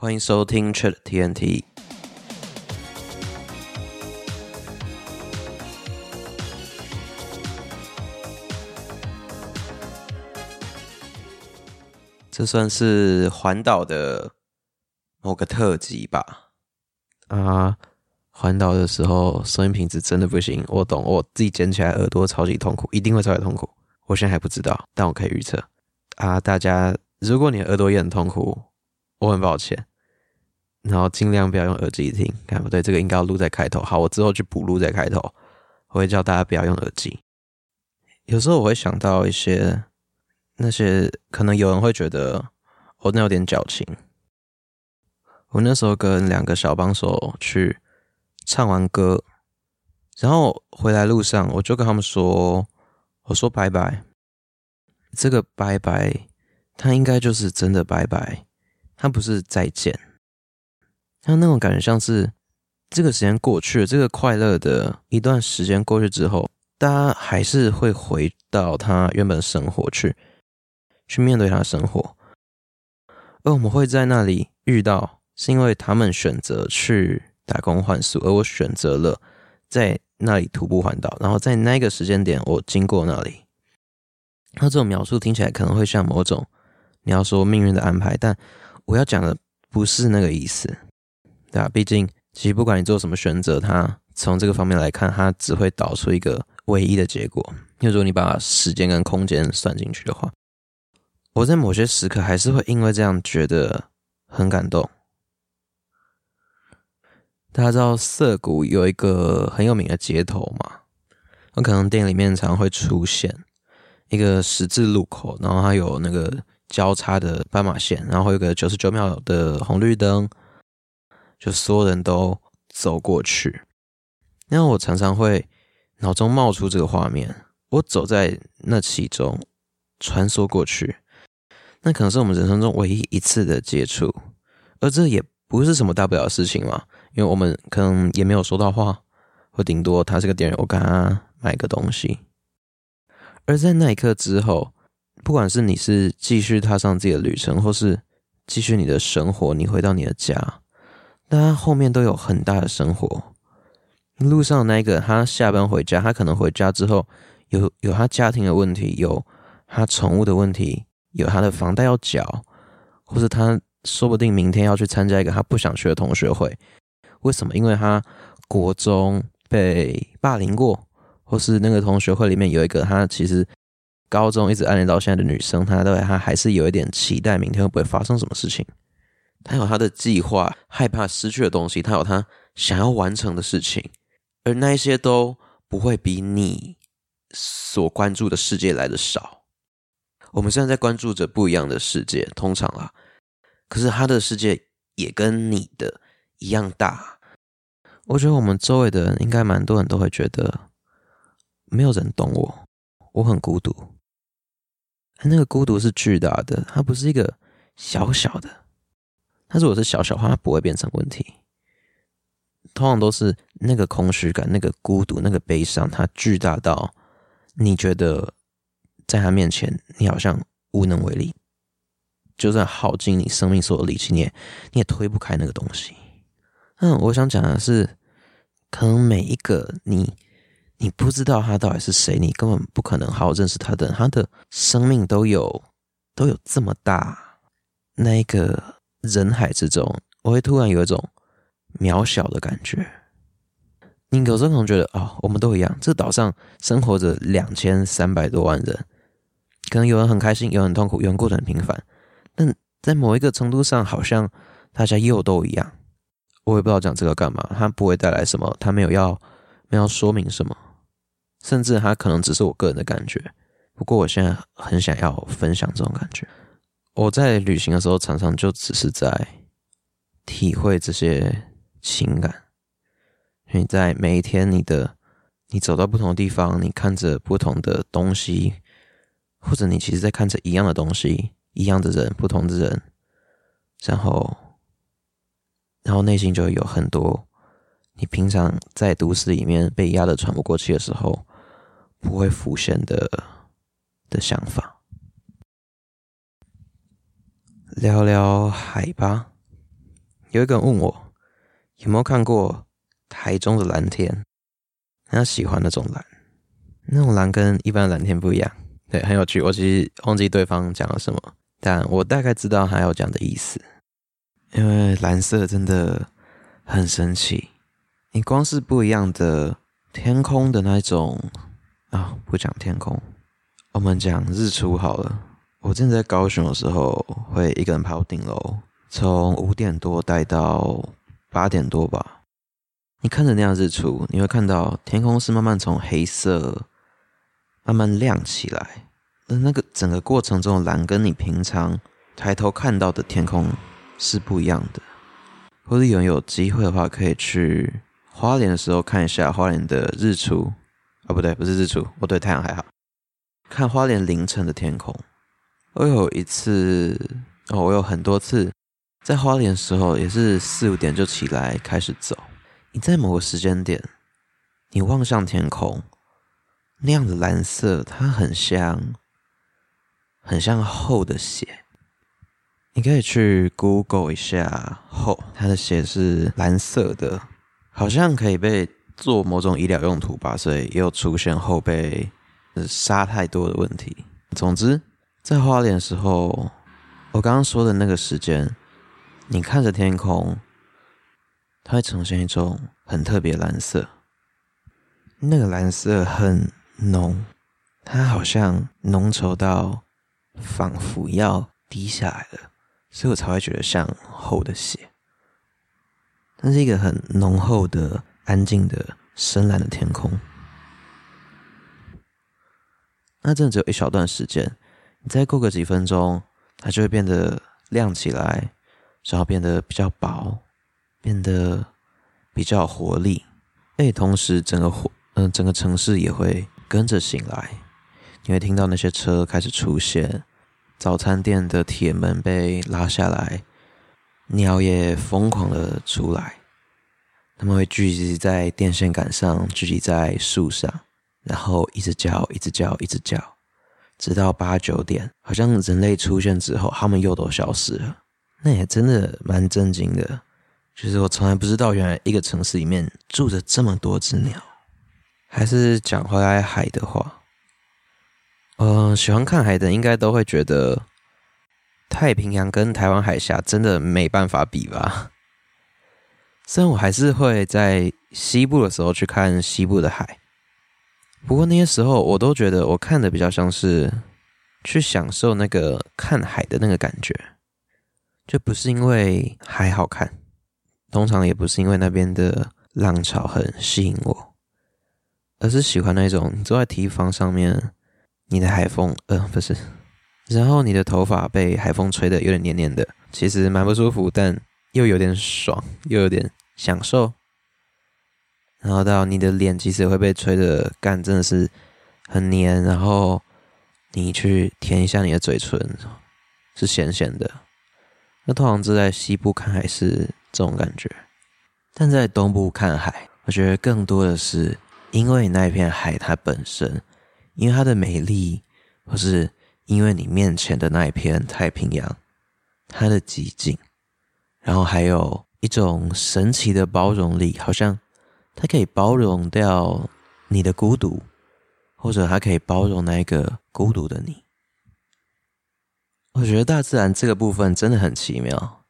歡迎收聽 Chat TNT。這算是環島的某個特輯吧？啊，環島的時候聲音品質真的不行，我懂，我自己撿起來耳朵超級痛苦，一定會超級痛苦。我現在還不知道，但我可以預測。啊，大家，如果你的耳朵也很痛苦，我很抱歉。然後盡量不要用耳機聽，看，不對，這個應該要錄在開頭。好，我之後去補錄在開頭。我會叫大家不要用耳機。有時候我會想到一些那些，可能有人會覺得我那有點矯情。我那時候跟兩個小幫手去唱完歌，然後回來路上，我就跟他們說：“我說拜拜。”這個拜拜，他應該就是真的拜拜，他不是再見。他那，那種感覺像是，這個時間過去了，這個快樂的一段時間過去之後，大家還是會回到他原本的生活去，去面對他的生活。而我們會在那裡遇到，是因為他們選擇去打工換宿，而我選擇了在那裡徒步環島。然後在那個時間點，我經過那裡。那這種描述聽起來可能會像某種，你要說命運的安排，但我要講的不是那個意思。對啊，畢竟，其實不管你做什麼選擇，它從這個方面來看，它只會導出一個唯一的結果。因為如果你把時間跟空間算進去的話，我在某些時刻還是會因為這樣覺得很感動。大家知道澀谷有一個很有名的街頭嘛？那可能電影裡面常會出現一個十字路口，然後它有那個交叉的斑馬線，然後有個九十九秒的紅綠燈。就所有人都走過去，那我常常會腦中冒出這個畫面，我走在那其中穿梭過去，那可能是我們人生中唯一一次的接觸，而這也不是什麼大不了的事情嘛，因為我們可能也沒有說到話，或頂多他是個店員，我跟他買個東西。而在那一刻之後，不管是你是繼續踏上自己的旅程，或是繼續你的生活，你回到你的家。但他後面都有很大的生活。路上的那個他下班回家，他可能回家之後有有他家庭的問題，有他寵物的問題，有他的房貸要繳，或是他說不定明天要去參加一個他不想去的同學會。為什麼？因為他國中被霸凌過，或是那個同學會裡面有一個他其實高中一直暗戀到現在的女生，他都他還是有一點期待明天會不會發生什麼事情。他有他的計劃，害怕失去的東西，他有他想要完成的事情，而那些都不會比你所關注的世界來的少。我們現在在關注着不一樣的世界，通常啊，可是他的世界也跟你的一樣大。我覺得我們周圍的人應該蠻多人都會覺得沒有人懂我，我很孤獨。他那個孤獨是巨大的，他不是一個小小的。他如果是小小的話，他不會變成問題。通常都是那個空虛感、那個孤獨、那個悲傷，它巨大到你覺得在他面前，你好像無能為力。就算耗盡你生命所有力氣，你也你也推不開那個東西。嗯，我想講的是，可能每一個你，你不知道他到底是誰，你根本不可能好好認識他的。他的生命都有都有這麼大，那一個。人海之中，我會突然有一種渺小的感覺。你有時候可能覺得，啊、哦，我們都一樣。這島上生活着兩千三百多萬人，可能有人很開心，有人很痛苦，有人過得很平凡。但在某一個程度上，好像大家又都一樣。我也不知道講這個幹嘛，它不會帶來什麼，它沒有要沒有要說明什麼，甚至它可能只是我個人的感覺。不過我現在很想要分享這種感覺。我在旅行的時候，常常就只是在體會這些情感。你在每一天，你的你走到不同的地方，你看着不同的東西，或者你其實，在看着一樣的東西，一樣的人，不同的人，然後，然後內心就會有很多你平常在都市裡面被壓得喘不過氣的時候，不會浮現的的想法。聊聊海吧。有一個人問我有沒有看過台中的藍天，他喜歡那種藍，那種藍跟一般的藍天不一樣。對，很有趣。我其實忘記對方講了什麼，但我大概知道他要講的意思。因為藍色真的很神奇，你光是不一樣的天空的那種啊、哦，不講天空，我們講日出好了。我之前在，在高雄的時候，會一個人跑頂樓，從五點多待到八點多吧。你看着那樣的日出，你會看到天空是慢慢從黑色慢慢亮起來。那那個整個過程中藍，跟你平常抬頭看到的天空是不一樣的。或者有人有機會的話，可以去花蓮的時候看一下花蓮的日出啊，哦、不對，不是日出，我對太陽還好，看花蓮凌晨的天空。我有一次哦，我有很多次在花蓮的時候，也是四五點就起來開始走。你在某個時間點，你望向天空，那樣的藍色，它很像，很像厚的血。你可以去 Google 一下“厚”，它的血是藍色的，好像可以被做某種醫療用途吧，所以也有出現厚被殺太多的問題。總之。在花蓮的時候，我剛剛說的那個時間，你看着天空，它會呈現一種很特別藍色。那個藍色很濃，它好像濃稠到仿佛要滴下來了，所以我才會覺得像厚的血。那是一個很濃厚的、安靜的深藍的天空。那真的只有一小段時間。再過個幾分鐘，它就會變得亮起來，然後變得比較薄，變得比較活力。哎，同時整個活，嗯、呃，整個城市也會跟着醒來。你會聽到那些車開始出現，早餐店的鐵門被拉下來，鳥也瘋狂的出來，它們會聚集在電線桿上，聚集在樹上，然後一直叫，一直叫，一直叫。直到八九點，好像人類出現之後，他們又都消失了。那也真的蠻震驚的，就是我從來不知道，原來一個城市裡面住着這麼多隻鳥。還是講回來海的話，呃，喜歡看海的應該都會覺得，太平洋跟台灣海峽真的沒辦法比吧。雖然我還是會在西部的時候去看西部的海。不過那些時候，我都覺得我看的比較像是去享受那個看海的那個感覺，就不是因為海好看，通常也不是因為那邊的浪潮很吸引我，而是喜歡那種你坐在堤防上面，你的海風，呃，不是，然後你的頭髮被海風吹的有點黏黏的，其實蠻不舒服，但又有點爽，又有點享受。然後到你的臉其實也會被吹得乾，真的是很黏。然後你去舔一下你的嘴唇，是鹹鹹的。那通常是在西部看海是這種感覺，但在東部看海，我覺得更多的是因為那片海它本身，因為它的美麗，或是因為你面前的那一片太平洋，它的寂靜，然後還有一種神奇的包容力，好像。它可以包容掉你的孤獨，或者它可以包容那個孤獨的你。我覺得大自然這個部分真的很奇妙，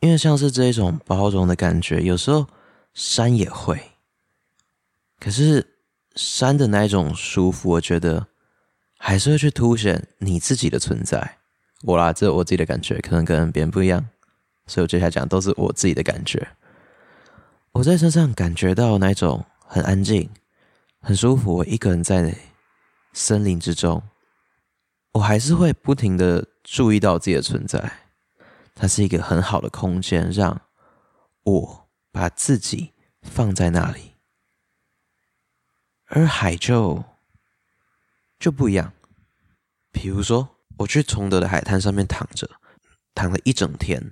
因為像是這一種包容的感覺，有時候山也會。可是山的那一種舒服，我覺得還是會去凸顯你自己的存在。我啦，這我自己的感覺，可能跟別人不一樣，所以我接下來講都是我自己的感覺。我在山上感覺到那種很安靜、很舒服，我一個人在森林之中，我還是會不停的注意到自己的存在。它是一個很好的空間，讓我把自己放在那裡。而海就就不一樣，比如說我去崇德的海灘上面躺着，躺了一整天，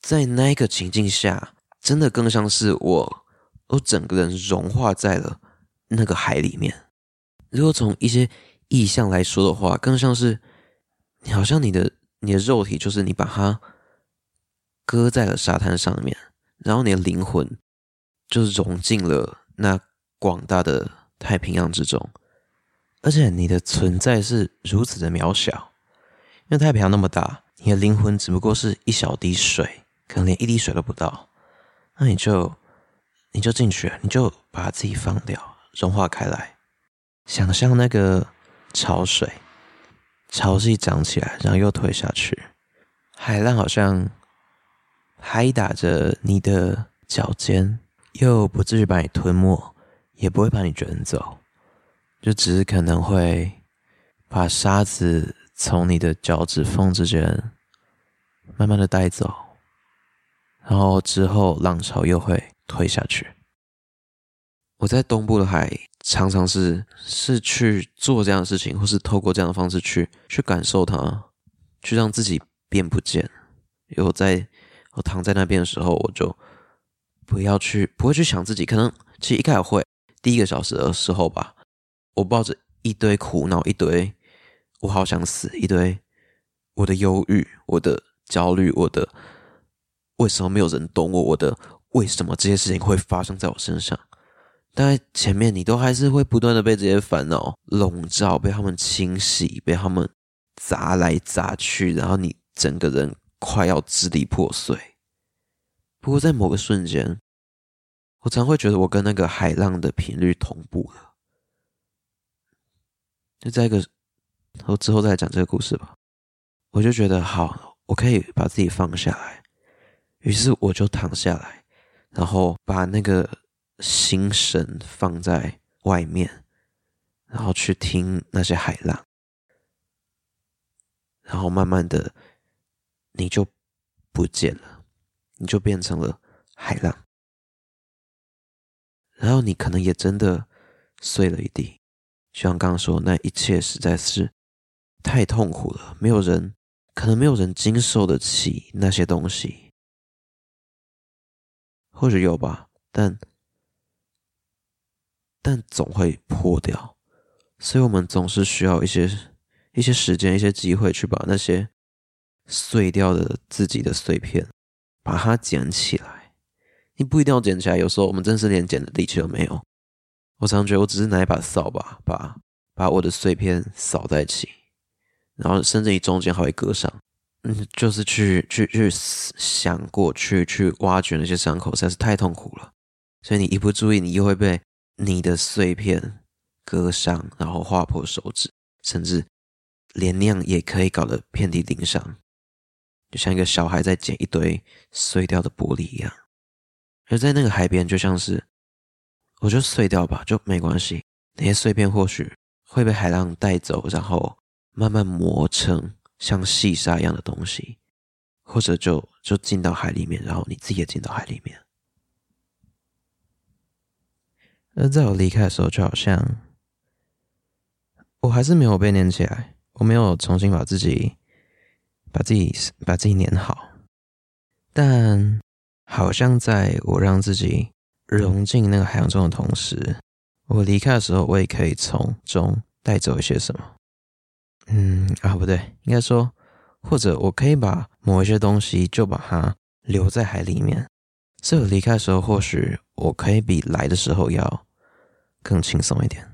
在那個情境下。真的更像是我，我整個人融化在了那個海裡面。如果從一些意象來說的話，更像是你好像你的你的肉體就是你把它擱在了沙灘上面，然後你的靈魂就是融進了那廣大的太平洋之中，而且你的存在是如此的渺小，因為太平洋那麼大，你的靈魂只不過是一小滴水，可能連一滴水都不到。那你就，你就進去了，你就把自己放掉，融化開來，想象那個潮水，潮水漲起來，然後又退下去，海浪好像拍打着你的腳尖，又不至於把你吞沒，也不會把你捲走，就只是可能會把沙子從你的腳趾縫之間慢慢的帶走。然後之後，浪潮又會退下去。我在東部的海，常常是是去做這樣的事情，或是透過這樣的方式去去感受它，去讓自己變不見。有在我躺在那邊的時候，我就不要去，不會去想自己。可能其實一開始會，第一個小時的時候吧，我抱着一堆苦惱，一堆我好想死，一堆我的憂鬱，我的焦慮，我的……為什麼沒有人懂我？我的為什麼這些事情會發生在我身上？但在前面你都還是會不斷的被這些煩惱籠罩，被他們清洗，被他們砸來砸去，然後你整個人快要支離破碎。不過在某個瞬間，我常會覺得我跟那個海浪的頻率同步了。就在一個，然後之後再來講這個故事吧。我就覺得好，我可以把自己放下來。於是我就躺下來，然後把那個心神放在外面，然後去聽那些海浪，然後慢慢的，你就不見了，你就變成了海浪，然後你可能也真的碎了一地，就像剛剛說，那一切實在是太痛苦了，沒有人，可能沒有人經受得起那些東西。或許有吧，但但總會破掉，所以我們總是需要一些一些時間、一些機會，去把那些碎掉的自己的碎片，把它撿起來。你不一定要撿起來，有時候我們真的是連撿的力氣都沒有。我常、常覺得，我只是拿一把掃把，把把我的碎片掃在一起，然後甚至於中間還會割傷。嗯，就是去去去想過去，去挖掘那些傷口實在是太痛苦了。所以你一不注意，你又會被你的碎片割傷，然後劃破手指，甚至連釀也可以搞得遍體鱗傷，就像一個小孩在撿一堆碎掉的玻璃一樣。而在那個海邊，就像是我就碎掉吧，就沒關係。那些碎片或許會被海浪帶走，然後慢慢磨成。像細沙一樣的東西，或者就就進到海裡面，然後你自己也進到海裡面。而在我離開的時候，就好像我還是沒有被粘起來，我沒有重新把自己把自己把自己粘好。但好像在我讓自己融進那個海洋中的同時，我離開的時候，我也可以從中帶走一些什麼。嗯啊，不對，應該說，或者我可以把某一些東西就把它留在海裡面，所以離開的時候，或許我可以比來的時候要更輕鬆一點。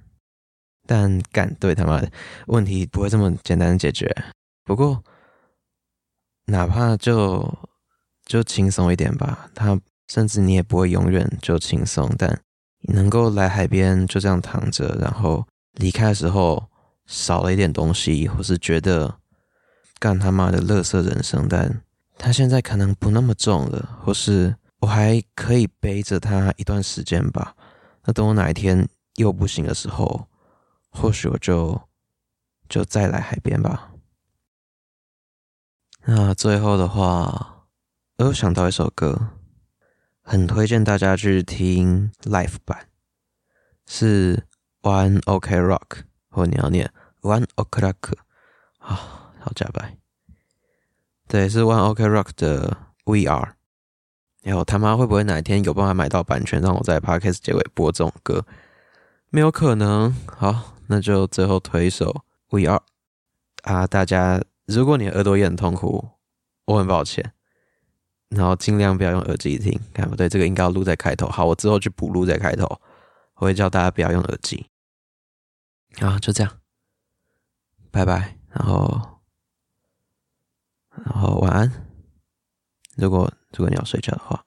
但敢對他媽的，問題不會這麼簡單的解決。不過，哪怕就就輕鬆一點吧，他甚至你也不會永遠就輕鬆。但能夠來海邊就這樣躺着，然後離開的時候。少了一點東西，或是覺得幹他媽的樂色人生，但他現在可能不那麼重了，或是我還可以背着他一段時間吧。那等我哪一天又不行的時候，或許我就就再來海邊吧。嗯、那最後的話，我又想到一首歌，很推薦大家去聽 Live 版，是 One OK Rock。我你要念 One Ok Rock，啊、哦，好假掰，對，是 One Ok Rock 的 We Are 哎，然後我他媽會不會哪一天有辦法買到版權，讓我在 Podcast 結尾播這種歌？沒有可能。好，那就最後推一首 We Are，啊，大家如果你的耳朵也很痛苦，我很抱歉，然後尽量不要用耳機聽，看不對，這個應該要錄在開頭。好，我之後去補錄在開頭，我會叫大家不要用耳機。啊，就這樣，拜拜，然後，然後晚安。如果如果你要睡覺的話。